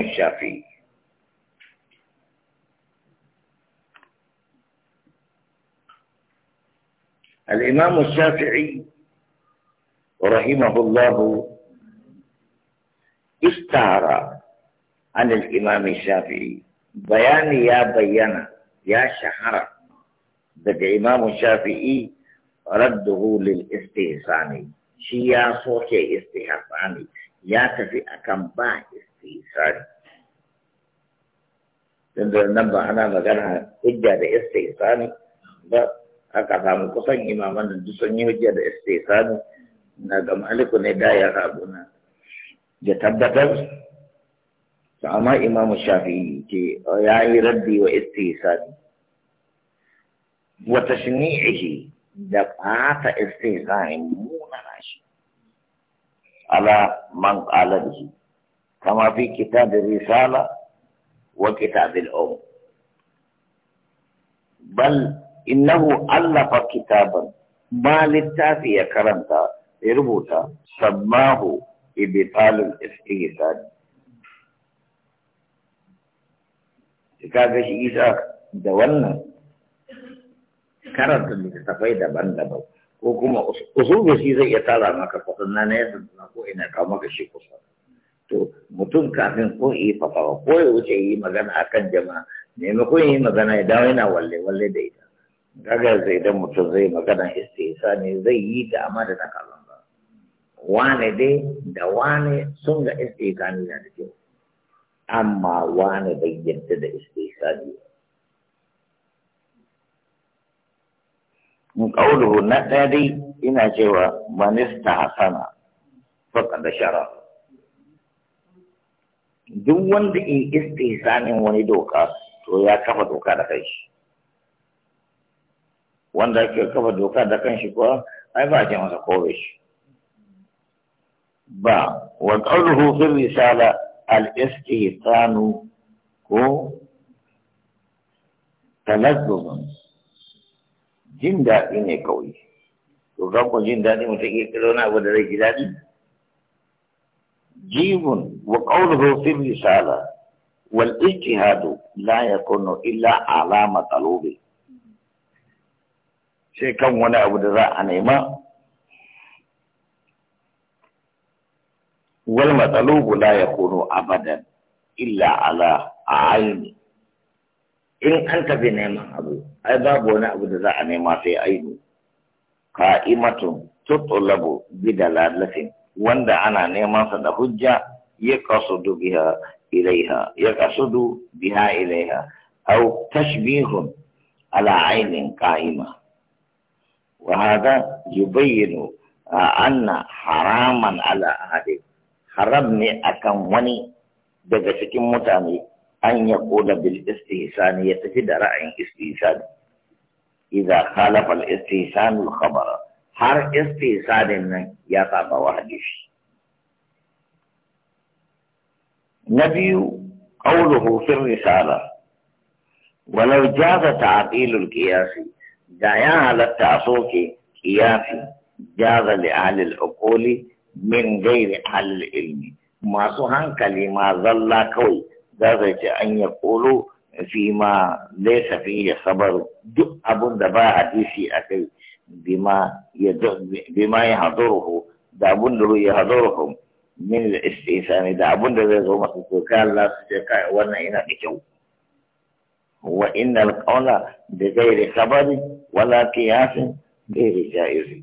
الإمام الشافعي الإمام الشافعي رحمه الله استعرى عن الإمام الشافعي بيان يا بيانا يا شهر بد إمام الشافعي رده للاستهزاني شيا صوتي استهزاني يا تفي أكم باه istihsari tunda nan ba ana magana hujja da istihsari ba aka samu kusan imaman da duk sun yi hujja da istihsari na ga maliku ne da ya rabu na ya tabbatar to amma imamu shafi'i ke ya yi rabbi wa ne wa tashni'ihi da fata istihsari muna shi ala man qala bihi كما في كتاب الرسالة وكتاب الأم بل إنه ألف كتابا ما للتافية كرمتا إربوتا سماه إبطال الإستيساد كتاب إيسا دولنا كرمتا لكتابي دبان دبان ko kuma usul da shi zai iya tara maka fadin na ne da na ko ina kama ka shi to mutum kafin ko yi fafawa ko ya wuce yi magana a kan jama'a maimakon yi magana ya dawo yana walle walle da ita gaga zai dan mutum zai magana istihsa ne zai yi da amma da na ba wane dai da wane sun ga istihsa ne da kyau amma wane bai yanta da istihsa ne in kauluhu na dai ina cewa manista hasana faƙa da shara duk wanda in istihsanin wani doka to ya kafa doka da kai shi wanda ke kafa doka da kan shi kuwa ai ba a ce masa kowe shi ba wa qawluhu fi risala al istihsanu ko talazzum jin daɗi ne kawai to ga ko jin daɗi mutake kiro na abu da zai ji daɗi جيم وقوله في الرسالة والاجتهاد لا يكون إلا على مطلوبه sai kan wani abu da za a nema wal matsalubu la ya yakunu abadan illa ala a aini in an tafi neman abu ai babu wani abu da za a nema sai aini Ka ka'imatun tutulabu bi dalalatin wanda ana neman sa da hujja ya kasudu biha ilaiha ya kasudu biha ilaiha aw tashbihun ala ainin qa'ima wa hada yubayyinu anna haraman ala ahadi haram ne akan wani daga cikin mutane an ya koda bil istihsani ya tafi da ra'ayin istihsani idza khalafa al istihsan al khabara har istisadin nan ya saba wa hadisi na biyu qawluhu fi risala walau jaza ta'tilul qiyasi da ya halatta a soke qiyasi jaza li ahli al min ghairi ahli al-ilmi masu hankali ma zalla kawai zaza su ce an ya kolo fi ma laisa fi ya sabar duk abun da ba hadisi a kai بما بما يحضره دابون له يحضرهم من الاستئسان دابون له يزوم كان لا سجاك وانا هنا بجو وان القول بغير خبر ولا قياس غير جائز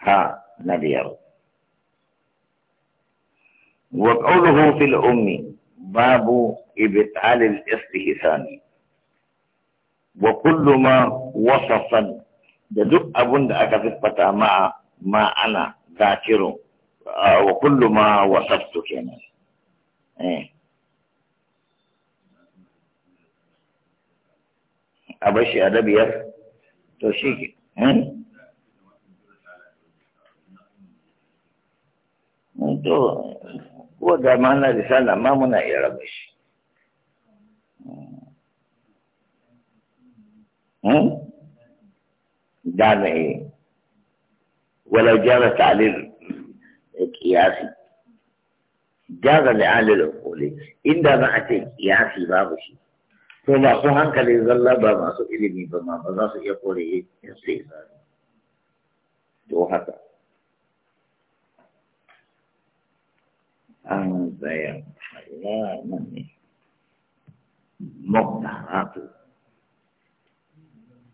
ها نبي وقوله في الأم باب إبطال الاستئسان wa kullu ma wasafan da duk abun da aka siffata ma ma ana zakiru wa kullu ma wasaftu kenan eh a bashi a dabiyar to shi ke eh. to ko da ma na risala ma muna iya rabe shi دعنا ايه ولا جاب تعليل قياسي جاب لأهل العقول عند بعث قياسي بابشي فما صهان كان يظل بما سئلني بما بظاص يقول ايه يصير تو هذا أنا آه، زي الله مني مقنع عقل آه.